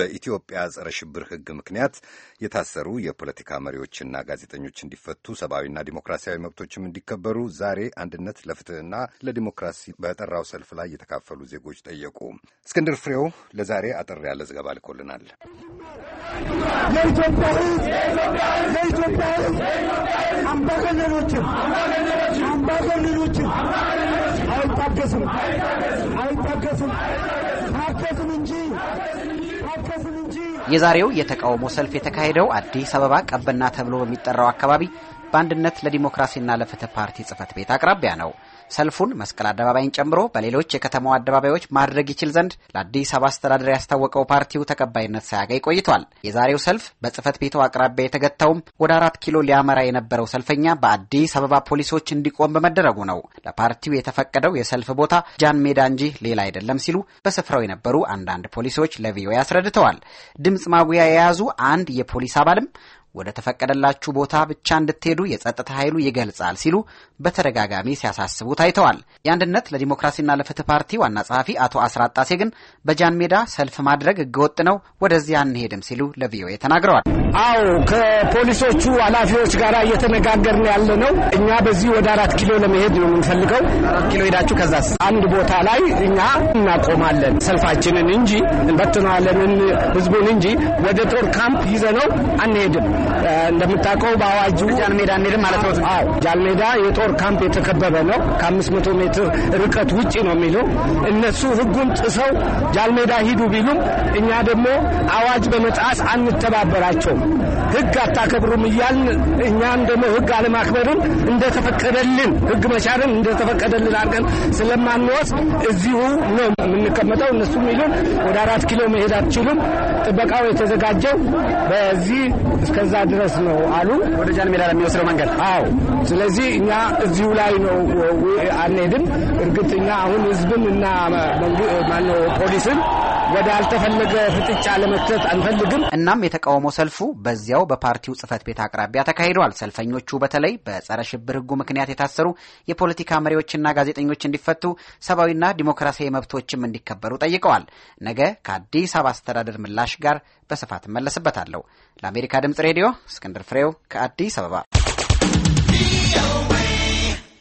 በኢትዮጵያ ጸረ ሽብር ሕግ ምክንያት የታሰሩ የፖለቲካ መሪዎችና ጋዜጠኞች እንዲፈቱ፣ ሰብአዊና ዲሞክራሲያዊ መብቶችም እንዲከበሩ ዛሬ አንድነት ለፍትህና ለዲሞክራሲ በጠራው ሰልፍ ላይ የተካፈሉ ዜጎች ጠየቁ። እስክንድር ፍሬው ለዛሬ አጠር ያለ ዘገባ ልኮልናል። አምባገነኖችን አምባገነኖችን አይታገስም አይታገስም እንጂ የዛሬው የተቃውሞ ሰልፍ የተካሄደው አዲስ አበባ ቀበና ተብሎ በሚጠራው አካባቢ በአንድነት ለዲሞክራሲና ለፍትህ ፓርቲ ጽህፈት ቤት አቅራቢያ ነው። ሰልፉን መስቀል አደባባይን ጨምሮ በሌሎች የከተማው አደባባዮች ማድረግ ይችል ዘንድ ለአዲስ አበባ አስተዳደር ያስታወቀው ፓርቲው ተቀባይነት ሳያገኝ ቆይቷል። የዛሬው ሰልፍ በጽህፈት ቤቱ አቅራቢያ የተገታውም ወደ አራት ኪሎ ሊያመራ የነበረው ሰልፈኛ በአዲስ አበባ ፖሊሶች እንዲቆም በመደረጉ ነው። ለፓርቲው የተፈቀደው የሰልፍ ቦታ ጃን ሜዳ እንጂ ሌላ አይደለም ሲሉ በስፍራው የነበሩ አንዳንድ ፖሊሶች ለቪኦኤ አስረድተዋል። ድምፅ ማጉያ የያዙ አንድ የፖሊስ አባልም ወደ ተፈቀደላችሁ ቦታ ብቻ እንድትሄዱ የጸጥታ ኃይሉ ይገልጻል ሲሉ በተደጋጋሚ ሲያሳስቡ ታይተዋል። የአንድነት ለዲሞክራሲና ለፍትህ ፓርቲ ዋና ጸሐፊ አቶ አስራ አጣሴ ግን በጃን ሜዳ ሰልፍ ማድረግ ህገወጥ ነው፣ ወደዚያ አንሄድም ሲሉ ለቪኦኤ ተናግረዋል። አዎ ከፖሊሶቹ ኃላፊዎች ጋር እየተነጋገርን ያለ ነው። እኛ በዚህ ወደ አራት ኪሎ ለመሄድ ነው የምንፈልገው። አራት ኪሎ ሄዳችሁ ከዛስ አንድ ቦታ ላይ እኛ እናቆማለን ሰልፋችንን እንጂ እንበትነዋለንን ህዝቡን እንጂ ወደ ጦር ካምፕ ይዘነው አንሄድም። እንደምታውቀው በአዋጁ ጃንሜዳ እንሄድም ማለት ነው። አዎ ጃንሜዳ የጦር ካምፕ የተከበበ ነው። ከአምስት መቶ ሜትር ርቀት ውጭ ነው የሚለው እነሱ ህጉን ጥሰው ጃንሜዳ ሂዱ ቢሉም እኛ ደግሞ አዋጅ በመጣስ አንተባበራቸውም። ህግ አታከብሩም እያልን እኛም ደግሞ ህግ አለማክበርን እንደተፈቀደልን ህግ መቻርን እንደተፈቀደልን አድርገን ስለማንወስድ እዚሁ ነው የምንቀመጠው። እነሱ የሚሉን ወደ አራት ኪሎ መሄድ አትችሉም። ጥበቃው የተዘጋጀው በዚህ እስከዛ ድረስ ነው አሉ። ወደ ጃን ሜዳ ለሚወስደው መንገድ። አዎ። ስለዚህ እኛ እዚሁ ላይ ነው አንሄድም። እርግጥ እኛ አሁን ህዝብን እና ማነው ፖሊስን ወደ አልተፈለገ ፍጥጫ ለመክተት አንፈልግም። እናም የተቃውሞ ሰልፉ በዚያው በፓርቲው ጽህፈት ቤት አቅራቢያ ተካሂዷል ሰልፈኞቹ በተለይ በጸረ ሽብር ህጉ ምክንያት የታሰሩ የፖለቲካ መሪዎችና ጋዜጠኞች እንዲፈቱ፣ ሰብአዊና ዲሞክራሲያዊ መብቶችም እንዲከበሩ ጠይቀዋል። ነገ ከአዲስ አበባ አስተዳደር ምላሽ ጋር በስፋት እመለስበታለሁ። ለአሜሪካ ድምጽ ሬዲዮ እስክንድር ፍሬው ከአዲስ አበባ